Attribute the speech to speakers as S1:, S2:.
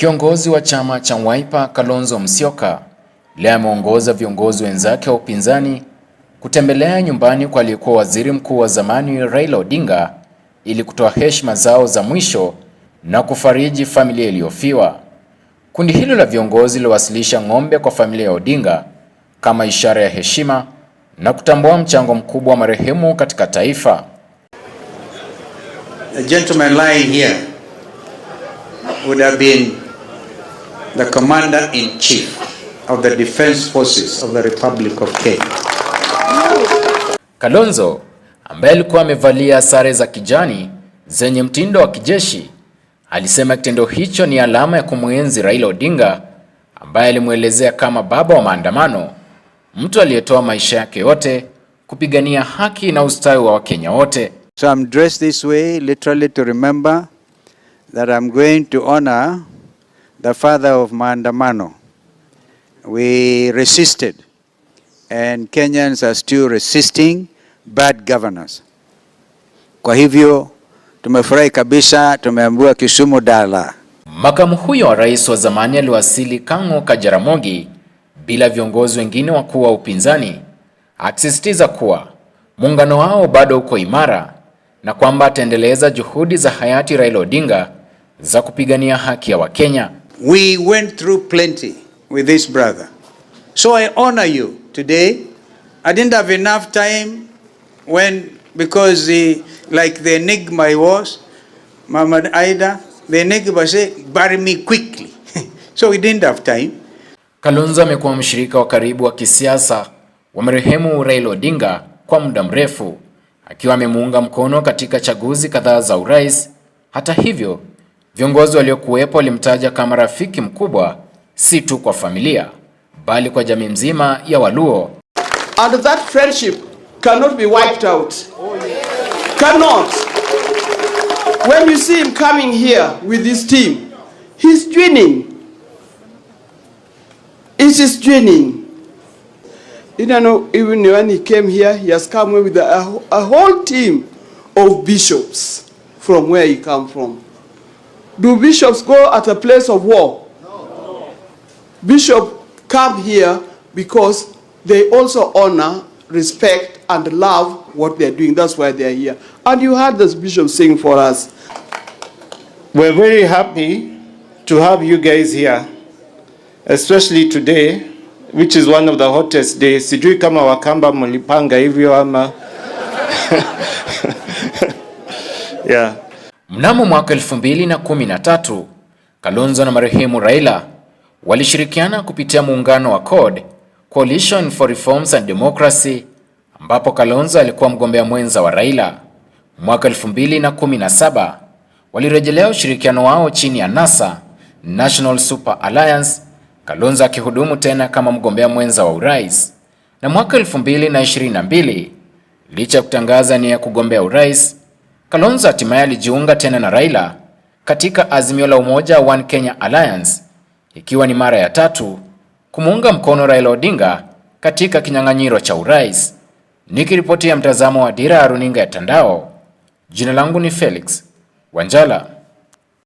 S1: Kiongozi wa chama cha Wiper Kalonzo Musyoka leo ameongoza viongozi wenzake wa upinzani kutembelea nyumbani kwa aliyekuwa waziri mkuu wa zamani Raila Odinga ili kutoa heshima zao za mwisho na kufariji familia iliyofiwa. Kundi hilo la viongozi liliwasilisha ng'ombe kwa familia ya Odinga kama ishara ya heshima na kutambua mchango mkubwa wa marehemu katika taifa.
S2: A gentleman lying here would have been the commander in chief of the defense forces of the Republic of Kenya.
S1: Kalonzo ambaye alikuwa amevalia sare za kijani zenye mtindo wa kijeshi alisema kitendo hicho ni alama ya kumwenzi Raila Odinga ambaye alimwelezea kama baba wa maandamano, mtu aliyetoa maisha yake yote kupigania haki na ustawi wa Wakenya wote.
S3: So I'm dressed this way literally to remember that I'm going to honor the father of maandamano. We resisted and Kenyans are still resisting bad governors. Kwa hivyo tumefurahi kabisa, tumeambiwa Kisumu dala.
S1: Makamu huyo wa rais wa zamani aliwasili Kang'o ka Jaramogi bila viongozi wengine wakuu wa upinzani, akisisitiza kuwa muungano wao bado uko imara na kwamba ataendeleza juhudi za hayati Raila Odinga za kupigania haki ya Wakenya.
S4: We went through plenty with this brother. So I honor you today. I didn't have enough time when, because the, like the enigma I was, Mama Aida, the enigma said, bury me quickly. so we didn't have time.
S1: Kalonzo amekuwa mshirika wa karibu wa kisiasa wa marehemu Raila Odinga kwa muda mrefu, akiwa amemuunga mkono katika chaguzi kadhaa za urais. Hata hivyo Viongozi waliokuwepo walimtaja kama rafiki mkubwa si tu kwa familia bali kwa jamii nzima ya Waluo.
S4: And that friendship cannot be wiped out. Cannot. When you see him coming here with his team, he's twinning. It is twinning. You don't know, even when he came here, he has come with a, a whole team of bishops from where he come from. Do bishops go at a place of war? No. Bishop come here because they also honor, respect, and love what they're doing. That's why they're here. And you heard this bishop sing for us.
S5: We're very happy to have you guys here, especially today, which is one of the hottest days. Sijui kama Wakamba mlipanga hivyo ama.
S1: Yeah. Mnamo mwaka 2013 Kalonzo na marehemu Raila walishirikiana kupitia muungano wa CORD, Coalition for Reforms and Democracy, ambapo Kalonzo alikuwa mgombea mwenza wa Raila. Mwaka 2017 walirejelea ushirikiano wao chini ya NASA, National Super Alliance, Kalonzo akihudumu tena kama mgombea mwenza wa urais. Na mwaka 2022 licha ya kutangaza nia ya kugombea urais Kalonzo hatimaye alijiunga tena na Raila katika azimio la umoja One Kenya Alliance, ikiwa ni mara ya tatu kumuunga mkono Raila Odinga katika kinyang'anyiro cha urais. ya mtazamo wa Dira ya Runinga ya Tandao, jina langu ni Felix Wanjala.